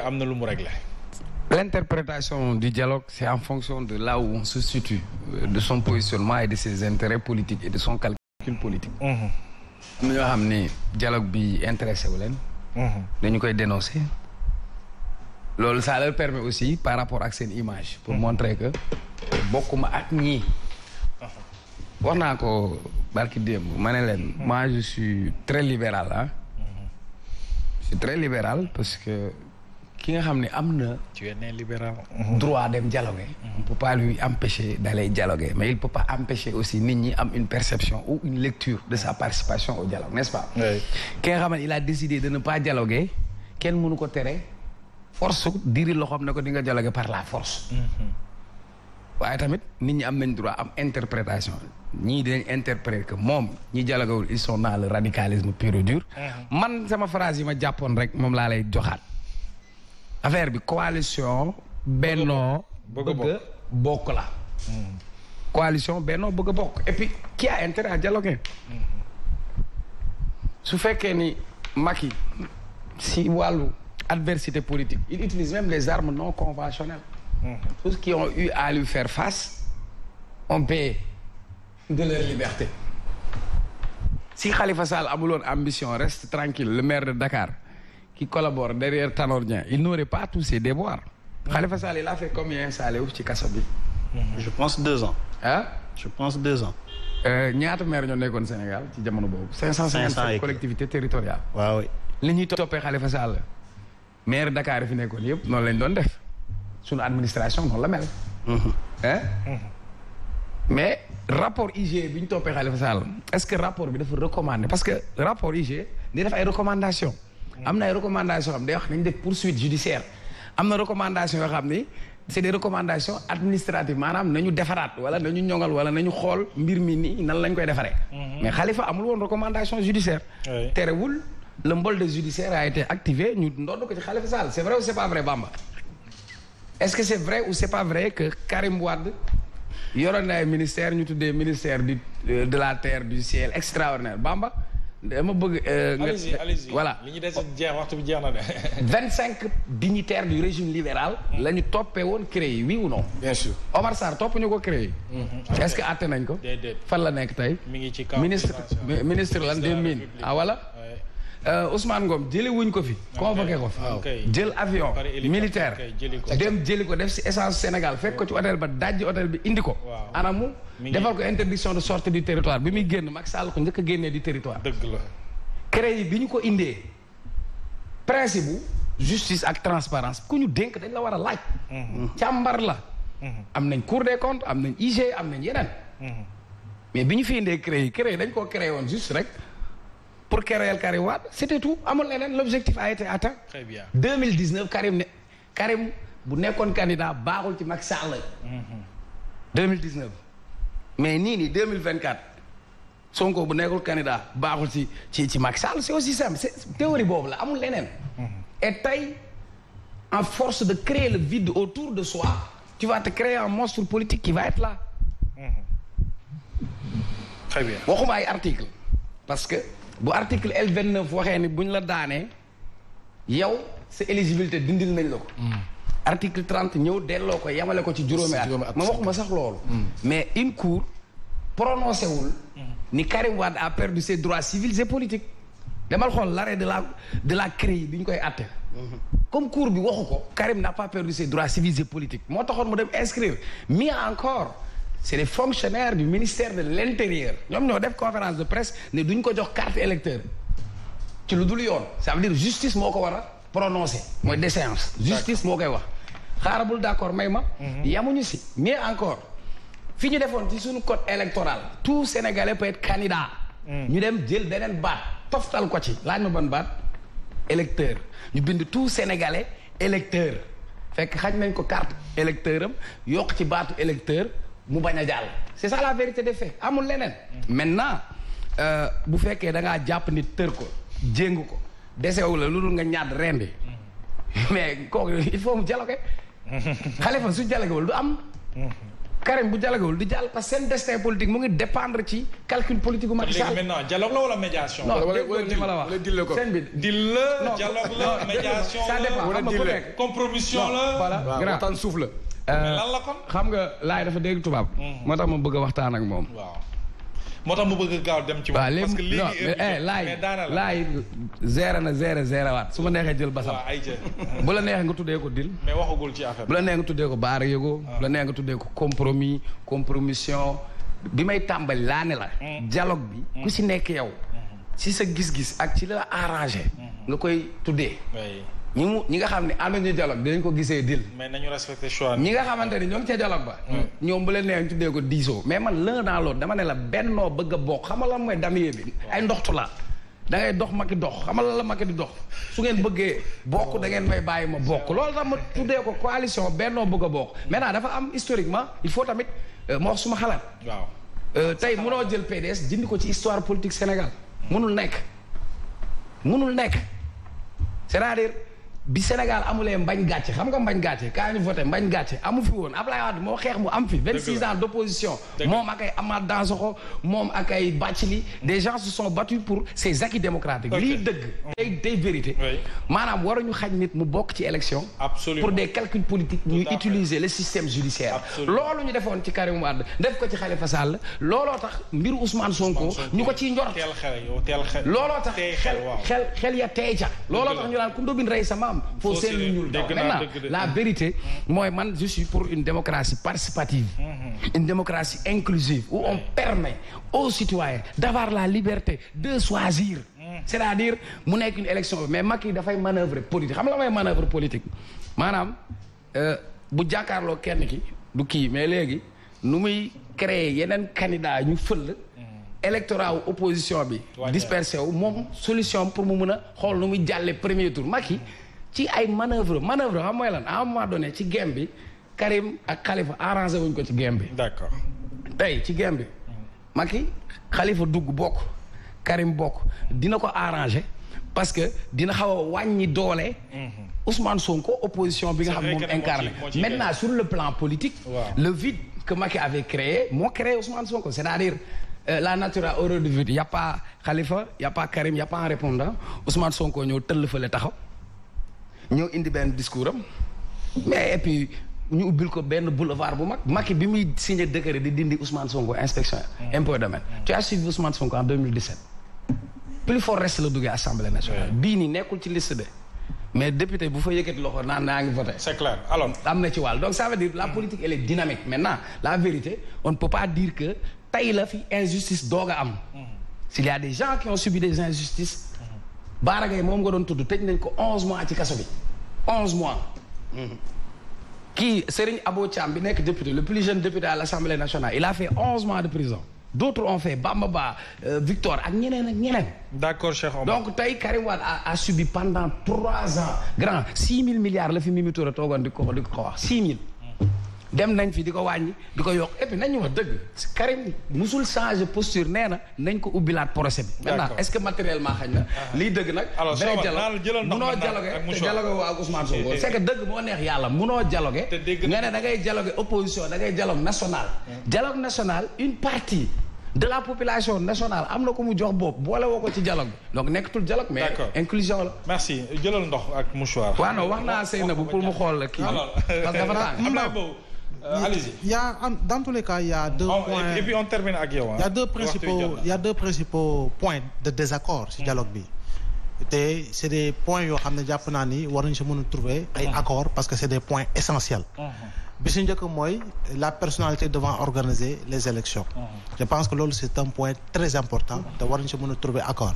am na lu mu réglé. L'interprétation du dialogue, c'est en fonction de la où on de son positionnement et de ses intérêts politiques et de son calcul politique. am na ñoo xam ni dialogue bi intéressé wu leen. dañu koy dénoncer. loolu ça leur permet aussi par rapport ak seen image. pour montrer que bokkuma ak ñii. wax naa ko barki démb ma ne leen. moi je suis très libéral ah. je suis très libéral parce que. ki nga xam ne am na. tu es né libéral. Mhm. droit dem dialoguer. on mhm. peut pas lui empêcher d'aller dialoguer mais il peut pas empêcher aussi nit ñi am une perception ou une lecture de sa participation au dialogue nest xam ne il a décidé de ne pas kenn mënu ko tere force diri loxoom ne ko di nga dialoguer par la force. Mhm. waaye tamit nit ñi am nañ droit am interprétation ñii dinañ interpréter que moom ñi dialoguewul ils sont dans le radicalisme pur et dur. man sama phrase yi ma jàppoon rek moom laa lay joxaat. affaire bi coalition. bennoo bëgg bokk la. coalition bennoo bëgg a bokk et puis qui a intérêt à dialoguer. su fekkee ni Macky si wàllu adversité politique il utilise même les armes non conventionnelles. tous ceux qui ont eu à lui faire face ont payé de leur liberté. si Khalifa Sall amuloon ambition reste tranquille le maire de Dakar. qui collabore derrière Tanor Dieng il n'aurait pas tous ces déboires. Khalifa Sall il a fait combien Sall ci kaso bi. Mm-hmm. je pense deux ans. ah je pense deux ans. Euh, ñaata maire ñoo nekkoon Sénégal ci jamono boobu. cinq cent cinquante collectivités territoriales. waaw oui. li ñuy toppee Khalifa Sall maire fi nekkoon yëpp noonu lañ doon def suñu administration noonu la mel. ah. mais rapport IG bi ñu toppee Khalifa Sall est-ce que rapport bi dafa recommander parce am na ay recommandations yoo xam day wax nañ def poursuite judiciaire am na recommandation yoo xam ni c' est des recommandations administratives maanaam nañu defaraat wala nañu ñoŋal wala nañu xool mbir mi ni nan lañ koy defaree. Mhm. mais Khalifa amul woon recommandation judiciaire. terewul le mbol de judiciaire a été activé ñu ndodd ko ci Khalifa Sall c' est vrai ou c' est pas vrai Bamba. est ce que c' est vrai ou c' pas vrai que Karim Wade yoroon na ay ministère ñu tuddee ministère du euh, de la terre du ciel extraordinaire Bamba. ma bëgg. Euh, allez voilà li ñu des jeex waxtu bi jeex na de. vingt cinq dignitaires du régime libéral. Mm. lañu toppee woon CREI oui ou non. bien Omar Sarr topp ñu ko CREI. Mm-hmm. est-ce que àtte nañ ko. fan la nekk tey. mi ngi ci kaw ministre ministre lan des mines wala Euh, Ousmane Ngom jële wuñ ko fi convoqué ko fi ah, jël avion militaire dem jëli ko def si essence Sénégal fekk ko ci hôtel ba dajji hôtel bi indi ko anamu defal ko interdiction de sortie du territoire bi muy génn Macky Sall ko njëkk a génnee du territoire dëgg la bi ñu ko indee principe bu justice ak transparence ku ñu dénk dañ la war a laaj mhm. càmbar la mhm. am nañ cour des comptes am nañ IG am nañ yeneen mhm. mais bi ñu fi indee CREI CREI dañ koo créé woon juste rek pour kereyal Karim Wade c' était tout amul leneen l' objectif a été atteint. très bien 2019 Karim ne Karim bu nekkoon candidat baaxul ci Macky Sall. 2019 mais nii nii 2024 Sonko bu nekkul candidat baaxul ci ci ci Macky Sall c' est aussi simple théorie boobu la amul leneen. Mm-hmm. et tey en force de créer le vide autour de soi tu vas te créer un monstre politique qui va être là. Mmh. article parce que. bu article L vingt neuf waxee ni bu ñu la daanee yow sa éligibilité dindil nañ la ko. Hmm. article trente ñëw delloo ko yemale ko ci juróomi at ma waxuma sax loolu. Hmm. mais une cour prononcé wul. Hmm. ni Karim Wade a perdu ses droits civils et politiques. demal xool l'arrêt de la de la CREI bi ñu koy àtte. comme cour bi waxu ko. Karim n'a pas perdu ses droits civils et politiques moo taxoon mu dem inscrire mieux encore. c'est des fonctionnaires du ministère de l'intérieur ñoom ñoo def conférence de presse ne duñ ko jox carte électeur ci lu dul yoon ça veut dire justice moo ko war a prononcé mooy déchéance justice moo koy wax xaarabul d'accord may ma mhm. yamuñu si mais encore fi ñu defoon ci suñu code électoral tout sénégalais peut être candidat mm. ñu dem jël beneen baat toftal ko ci laaj ma ban baat électeur ñu bind tout sénégalais électeur fekk xaj nañ ko carte électeur am yokk ci baatu électeur mu bañ a jàll c'est ça la vérité des faits amul leneen maintenant euh, bu fekkee da ngaa jàpp ni tër ko jéng ko desewu la lu dul nga ñaat rendi mais kooku il faut mu dialoguer Khalifa su dialoguewul du am Karim bu dialoguewul du jàll parce que seen destin politique mu ngi dépendre ci calcul politique bu Macky Sall maintenant dialogue la wala médiation non li ma la wax seen bi dil la dialogue la médiation ça dépend xam nga ku nekk compromission la voilà waxtaan suuf la Euh, lan xam nga laay dafa dégg tubaab. Mhm. moo tax ma bëgg a waxtaan ak moom. waaw moo bëgg a gaaw dem ci. waaw parce que léegi mais eh, laay laay zéro na zéro zéro waat su ma neexee jël basam. bu la neexee nga tuddee ko dil. mais waxagul ci affaire bu la neexee nga tuddee ko baar yego. Ah. bu la neexee nga tuddee ko compromis compromission bi may tàmbali laa ne la. Mm. dialogue bi ku mm. si nekk yow. ci mm-hmm. sa gis-gis ak ci la arrangé. Mm-hmm. nga koy tuddee. ñi mu ñi nga xam ne am nañu dialogue dañ ko gisee dil mais nañu respecté choix ñi nga xamante ni ñoom ca dialogue ba. Mm. ñoom bu leen nee ñu tuddee ko diisoo. mais man l'un dans l'autre dama ne la bennoo bëgg a bokk xamal lan mooy damier bi. ay ndoxtu la da ngay dox ma i dox xamal la ma ki di dox su ngeen bëggee bokk da ngeen may bàyyi ma bokk loolu tax ma tuddee ko coalition bennoo bëgg a bokk. Mm. maintenant dafa am historiquement il faut tamit euh, ma wax suma xalaat. waaw euh, tey mënoo jël PDS dindi ko ci histoire politique Sénégal mënul nekk mënul bi Sénégal amulee mbañ gàcce xam nga mbañ gàcce kaa ñu voté mbañ gàcce amu fi woon Ablaye Wade moo xeex mu am fi vingt six ans d' opposition moom ak ay Amath Dansokho moom ak ay Bathily des gens se sont battus pour ces acquis démocratiques lii dëgg tey tey vérité maanaam waruñu xañ nit mu bokk ci élection pour des calculs politiques ñu utiliser le système judiciaire loolu ñu defoon ci Karim Wade def ko ci Khalifa Sall looloo tax mbiru Ousmane Sonko ñu ko ciy njort looloo tax xel xel xel ya teey ca looloo am foo seen lu ñuul daw la vérité mooy man je pour une démocratie participative mhm. une démocratie inclusive où on permet aux citoyens d'avoir la liberté de choisir mhm. c'est-à-dire mu nekk une élection mais Macky dafay manœuvre politique xam la may manœuvre politique maanaam euh, bu jàkkaarloo kenn ki du kii mais léegi nu muy créer yeneen candidat ñu fël mhm. électorat opposition bi dispersé wu moom solution pour mu mën a xool nu muy jàlle premier tour Macky ci ay manœuvre manœuvre xam mooy lan à un moment ci game bi Karim ak Khalifa arrangé wuñ ko ci game bi. d'accord tey ci game bi. Macky Khalifa dugg bokk Karim bokk dina ko arrangé parce que dina xaw a wàññi doole. Mhm. son Sonko opposition bi nga xam moom incarné. maintenant sur le plan politique. Wow. le vide que Macky avait créé moo créé Ousmane Sonko c'est-à-dire. Euh, la nature a horreur du vide y' a pas Khalifa Karim y' un répondant Ousmane Sonko ñëw tëll fële taxaw. ñëw indi benn discours am mais et ñu ubbil ko benn boulevard bu mag makki bi muy signé décret di dindi Ousmane Sonko inspection impôt domaine tu as suivi Ousmane Sonko en 2017 plus fort reste la duggee assemblée nationale bii nii nekkul ci liste de mais député bu fa yëkkati loxo naan naa ngi voté c'est clair alors am na ci wàll donc ça veut dire la politique elle est dynamique maintenant la vérité on ne peut pas dire que tey la fi injustice doog a am mm-hmm. s'il y des gens qui ont subi des injustices mm-hmm. moom nga doon tudd tëj nañ ko onze ci kaso bi onze mois. kii Serigne Abo Thiam bi nekk député le plus jeune député à l'Assemblée nationale il a fait onze mois de prison d'autres ont fait Bamba Ba euh, Victor ak ñeneen ak ñeneen. d'accord Cheikh Omar. donc tey Karim Wade a a subi pendant trois ans grand milliards la fi Mimi Touré toogoon di ko six mille. dem nañ fi di ko wàññi di ko yokk et puis nañu wax dëgg Karim musul changer posture nee na nañ ko ubbilaat procès bi maintenant est-ce que matériellement xañ na ah. lii dëgg nag vrai dialogue munoo dialogue te dialogue waa Ousmane Sonko c'est que dëgg moo neex yàlla munoo dialogue nga ne da ngay dialogue opposition da ngay dialogue national hmm. dialogue national une partie de la population national am na ko mu jox bopp boole woo ko ci dialogue bi donc nekkatul dialogue mais inclusion la merci jëlal ndox ak mouchoir waaw non wax naa sëy na pour mu xool la kii parce que Euh, allez-y y a dans tous les cas y a deux oh, points et puis on termine ak yow y a deux principaux y a deux principaux points de désaccord ci hmm. dialogue bi te c'est des points yoo xam ne jàpp naa ni war nañu si mën a trouver ay hmm. accord parce que c'est des points essentiels hmm, bi si njëkk mooy la personnalité devant organiser les élections mhm. je pense que loolu c'est un point très important mhm. te war nañu trouver accord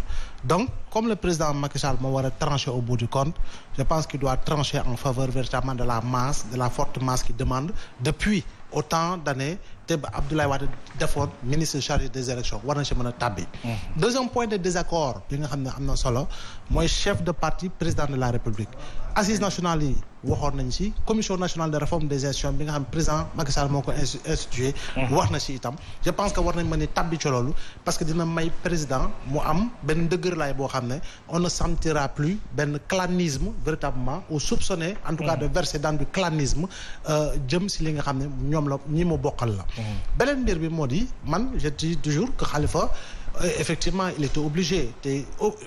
donc comme le président Macky Sall moo trancher au bout du compte je pense qu'il doit trancher en faveur véritablement de la masse de la forte masse qui demande depuis autant d'années te ba Abdoulaye Wade defoon ministre chargé des élections war na ci mën a tàbbi. Mhm. deuxième point de désaccord bi nga xam ne am na solo mooy chef de parti président de la république assise nationale yi waxoon nañ ci commission nationale de réforme des institutions bi nga xam président Macky Sall moo ko institué. Mhm. wax na ci itam je pense que war nañ ma a tàbbi ci loolu parce que dina may président mu am benn dëgërlaay boo xam ne on ne sentira plus benn clanisme véritablement ou soupçonné en tout cas mhm. de verser dans du clanisme si euh, li nga xam ne ñoom la ñi mu bokkal la. Mm-hmm. beneen mbir bi moo di man je dis toujours que Khalifa euh, effectivement il était obligé te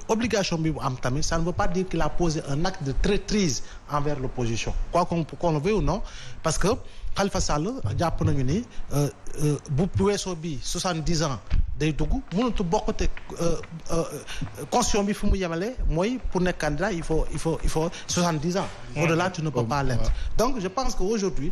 obligation bi mu am tamit ça ne veut pas dire qu'il a posé un acte de traîtrise envers l'opposition quoi qu'on qu'on le veuille ou non parce que Khalifa Sall jàpp nañu ni euh, euh, bu weesoo bi soixante-dix ans day dugg mënatu bokk te constitution bi fu mu yemale mooy pour nekk candidat il faut il faut il faut soixante-dix ans mm-hmm. au-delà tu ne peux oh, pas l'être donc je pense que aujourd'hui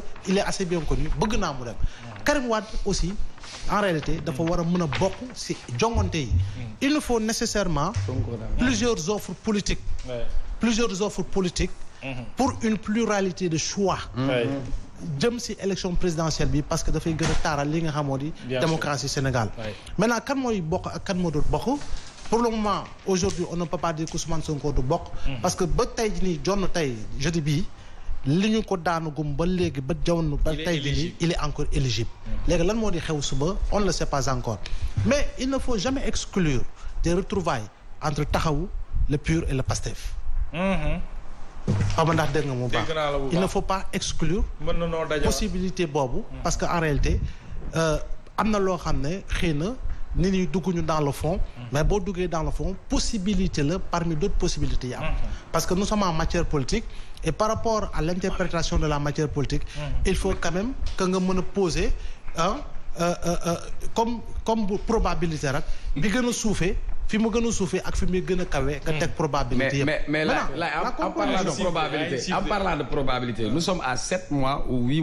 que il est assez bien connu bëgg naa mu dem. Karim Wade aussi en réalité dafa war a mën a bokk ci jongante yi. il nous faut nécessairement. plusieurs offres politiques. plusieurs pour une pluralité de choix. jëm ci élection présidentielle bi parce que dafay gën a taaral li nga xamoo di démocratie Sénégal maintenant kan mooy bokk ak kan moo dul bokk pour le moment aujourd'hui on ne peut pas dire que Ousmane du bokk mm-hmm. parce que ba tey nii jonn tey jeudi bii li ñu ko daanagum ba léegi ba jamono ba tey jii il est encore éligible mm. léegi lan moo di xew suba on ne le sait pas encore mais il ne faut jamais exclure des retrouvailles entre taxawu le PUR et le PASTEF mm-hmm. xaw ma ndax dégg nga mu baax il ne faut pas exclure possibilité boobu mm. parce que en réalité euh, am na loo xam ne xëy na nit ñi dugguñu dans le fond. mais boo duggee dans le fond possibilité la parmi d' possibilités yi am. Mm-hmm. parce que nous sommes en matière politique. et par rapport à l' de la matière politique. Mm-hmm. il faut quand même que nga mën a poser ah comme comme probabilité rek. bi gën a suufee. fi mu gën a suufee ak fi muy gën a kawe. nga teg mm-hmm. probabilité yëpp. mais mais là parlant de probabilité en parlant à sept mois ou huit mois.